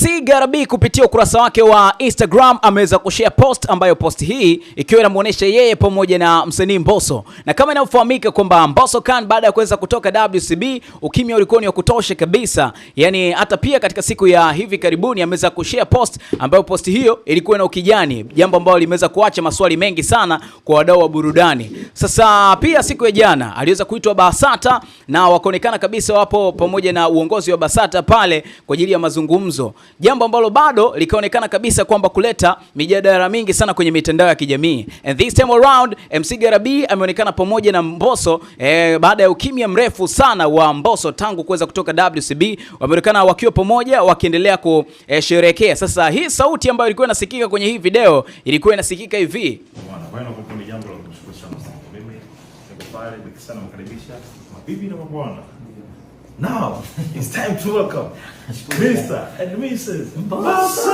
MC Garabi kupitia ukurasa wake wa Instagram ameweza kushare post ambayo post hii ikiwa inamuonesha yeye pamoja na msanii Mbosso, na kama inavyofahamika kwamba Mbosso Khan baada ya kuweza kutoka WCB ukimya ulikuwa ni wa kutosha kabisa, yani hata pia katika siku ya hivi karibuni ameweza kushare post ambayo post hiyo ilikuwa na ukijani, jambo ambalo limeweza kuacha maswali mengi sana kwa wadau wa burudani. Sasa pia siku ya jana aliweza kuitwa Basata na wakaonekana kabisa wapo pamoja na uongozi wa Basata pale kwa ajili ya mazungumzo, jambo ambalo bado likaonekana kabisa kwamba kuleta mijadala mingi sana kwenye mitandao ya kijamii. And this time around MC Garabi ameonekana pamoja na Mbosso eh, baada ya ukimya mrefu sana wa Mbosso tangu kuweza kutoka WCB, wameonekana wakiwa pamoja wakiendelea kusherehekea. Eh, Sasa hii sauti ambayo ilikuwa inasikika kwenye hii video ilikuwa inasikika hivi. Nashukuru sana sana. Mimi niko pale biki sana mkaribisha mabibi na mabwana. Now it's time to welcome Mr. and Mrs. Mbasa.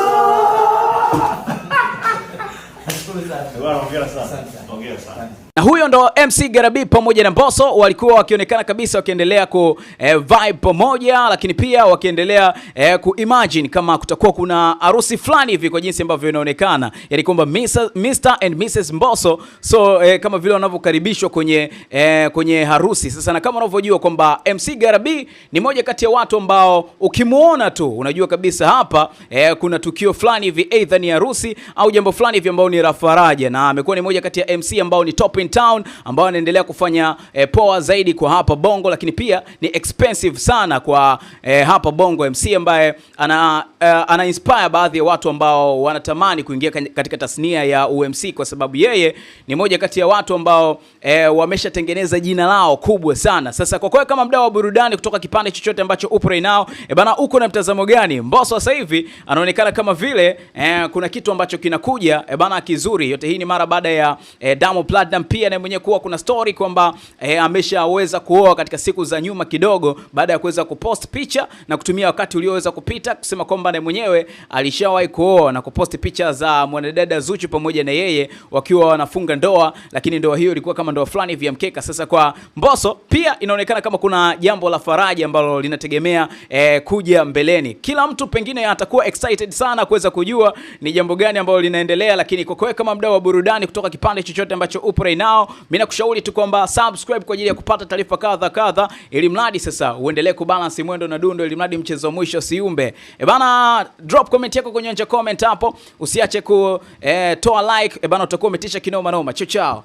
Na huyo ndo MC Garabi pamoja na Mbosso walikuwa wakionekana kabisa wakiendelea ku eh, vibe pamoja, lakini pia wakiendelea eh, imagine kama kutakuwa kuna harusi fulani hivi kwa jinsi ambavyo inaonekana, yani kwamba Mr and Mrs Mbosso so eh, kama vile wanavyokaribishwa kwenye eh, kwenye harusi sasa, na kama unavyojua kwamba MC Garabi ni moja kati ya watu ambao ukimuona tu unajua kabisa hapa eh, kuna tukio fulani hivi, aidha ni harusi au jambo fulani hivi ambao ni rafara kutaja, na amekuwa ni moja kati ya MC ambao ni top in town, ambao anaendelea kufanya eh, poa zaidi kwa hapa Bongo, lakini pia ni expensive sana kwa eh, hapa Bongo. MC ambaye ana, eh, ana inspire baadhi ya watu ambao wanatamani kuingia katika tasnia ya UMC kwa sababu yeye ni moja kati ya watu ambao eh, wameshatengeneza jina lao kubwa sana. Sasa kwa kweli, kama mdau wa burudani kutoka kipande chochote ambacho upo right now, eh, bana, uko na mtazamo gani? Mbosso sasa hivi anaonekana kama vile eh, kuna kitu ambacho kinakuja eh, bana kizuri yote. Hii ni mara baada ya e, Diamond Platnumz pia na mwenye kuwa kuna story kwamba e, ameshaweza kuoa katika siku za nyuma kidogo, baada ya kuweza kupost picha na kutumia wakati ulioweza kupita kusema kwamba na mwenyewe alishawahi kuoa na kupost picha za mwanadada Zuchu pamoja na yeye wakiwa wanafunga ndoa, lakini ndoa hiyo ilikuwa kama ndoa fulani vya mkeka. Sasa kwa Mbosso pia inaonekana kama kuna jambo la faraja ambalo linategemea e, kuja mbeleni. Kila mtu pengine atakuwa excited sana kuweza kujua ni jambo gani ambalo linaendelea, lakini kwa kama muda wa burudani kutoka kipande chochote ambacho upo right now. Mimi nakushauri tu kwamba subscribe kwa ajili ya kupata taarifa kadha kadha, ili mradi sasa uendelee kubalance mwendo na dundo, ili mradi mchezo mwisho siumbe. E bana, drop comment yako kwenye comment hapo, usiache ku eh, toa like e bana, utakuwa umetisha kinoma noma. Chao chao.